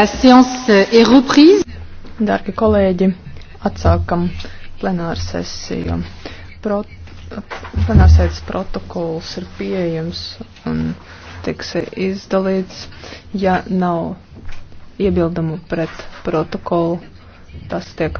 La séance est reprise. Dargi kolēģi, atsākam plenāru sesiju. Pro, plenārsēdes protokols ir pieejams un tiks izdalīts, ja nav iebildumu pret protokolu. Tas tiek